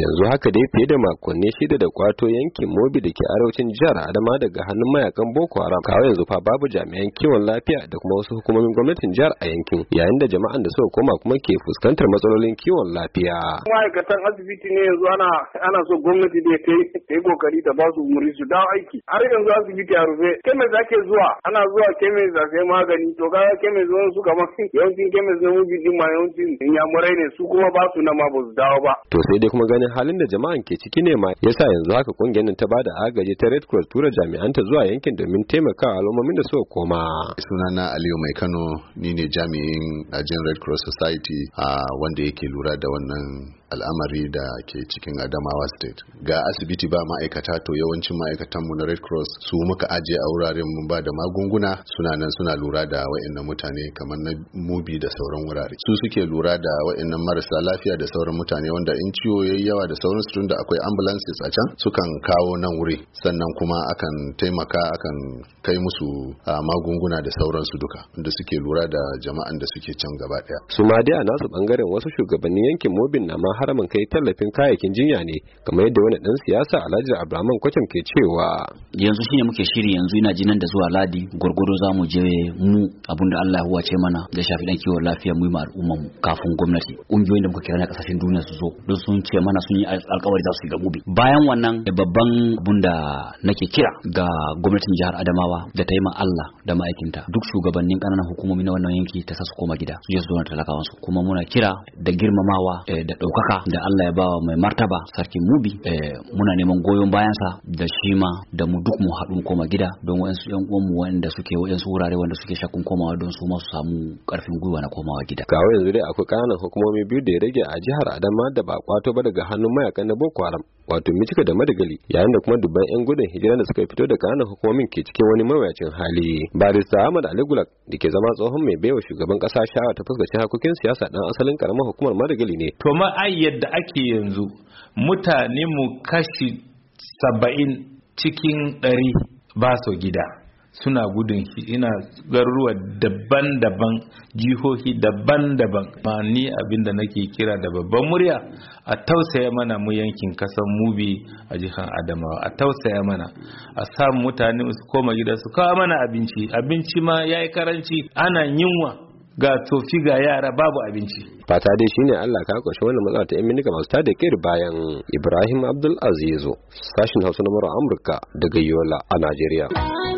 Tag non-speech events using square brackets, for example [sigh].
yanzu haka dai fiye da makonni shida da kwato yankin mobi da ke arewacin jihar adama daga hannun mayakan boko haram kawo yanzu fa babu jami'an kiwon lafiya da kuma wasu hukumomin gwamnatin jihar a yankin yayin da jama'an da suka koma kuma ke fuskantar matsalolin kiwon lafiya ma'aikatan asibiti ne yanzu ana ana so gwamnati da ta yi kokari ta basu su umuri su dawo aiki har yanzu asibiti a rufe kemis ake zuwa ana zuwa kemis a sai magani to kaga kemis wani su kamar [laughs] yawancin kemis na mubi ma yawancin inyamurai ne su kuma basu su na ma ba su dawo ba to sai dai kuma ganin halin da jama'an ke ciki ne ma yasa yanzu haka kungiyar ta bada agaji ta Red Cross tura jami'anta zuwa yankin domin taimakawa al'ummomin da suka koma. Sunana Aliyu Mai Kano ni ne jami'in ajin Red Cross Society a wanda yake lura da wannan al'amari da ke cikin adamawa state ga asibiti ba ma'aikata to yawancin ma'aikatan mu na red cross su muka ajiye a wuraren mun ba da magunguna suna nan suna lura da wa'annan mutane kamar na mubi da sauran wurare su suke lura da wa'annan marasa lafiya da sauran mutane wanda in ciwo yayi yawa da sauran su tunda akwai ambulances a can sukan kawo nan wuri sannan kuma akan taimaka akan kai musu magunguna da sauran su duka da suke lura da jama'an da suke can gaba daya su ma dai a nasu bangaren wasu shugabannin yankin mobin na ma haramin kai tallafin kayayyakin jinya ne kamar yadda wani dan siyasa Alhaji Abraman Kwatam ke cewa yanzu shine muke shiri yanzu ina jinan da zuwa Ladi za mu je mu abinda Allah ya wace mana da shafi dan kiwon lafiya mu ma al'ummar mu kafin gwamnati kungiyoyin da muka kira na kasashen duniya su zo don sun ce mana sun yi alkawari za su yi gobe bayan wannan babban abun da nake kira ga gwamnatin jihar Adamawa da ta yi ma Allah da ma'aikinta duk shugabannin kananan hukumomi na wannan yanki ta sa su koma gida su je su zo na talakawansu kuma muna kira da girmamawa eh, da ɗaukaka haka da Allah ya bawa mai martaba sarkin mubi eh, muna neman goyon bayansa da shi ma da mu duk mu haɗu koma gida don waɗansu ƴan uwanmu wanda suke waɗansu wurare wanda suke shakkun komawa don su ma su samu karfin gwiwa na komawa gida. Kawo yanzu dai akwai kananan hukumomi biyu da ya rage a jihar Adama da ba kwato ba daga hannun mayakan na Boko Haram wato Mijika da Madagali yayin da kuma dubban yan gudun hijira da suka fito da kananan hukumomin ke cikin wani mawuyacin hali. Barista Ahmad Ali Gulak da ke zama tsohon mai baiwa shugaban ƙasa shawara ta fuskaci harkokin siyasa dan asalin karamar hukumar Madagali ne. To ma ai yadda ake yanzu mutane mu kashi saba'in cikin ɗari ba su gida suna gudun ina garuruwa daban-daban jihohi daban-daban ma ni abinda nake kira da babban murya a tausaya mana mu yankin kasan mubi a jihar adamawa a tausaya mana a samu mutane su koma gida su kawo mana abinci abinci ma ya yi karanci ana yinwa ga tofi ga yara babu abinci fata dai shine Allah ka kwashe wannan matsala ta yan minika masu tada kir bayan Ibrahim Abdul sashen sashin Hausa na Amurka daga Yola a Najeriya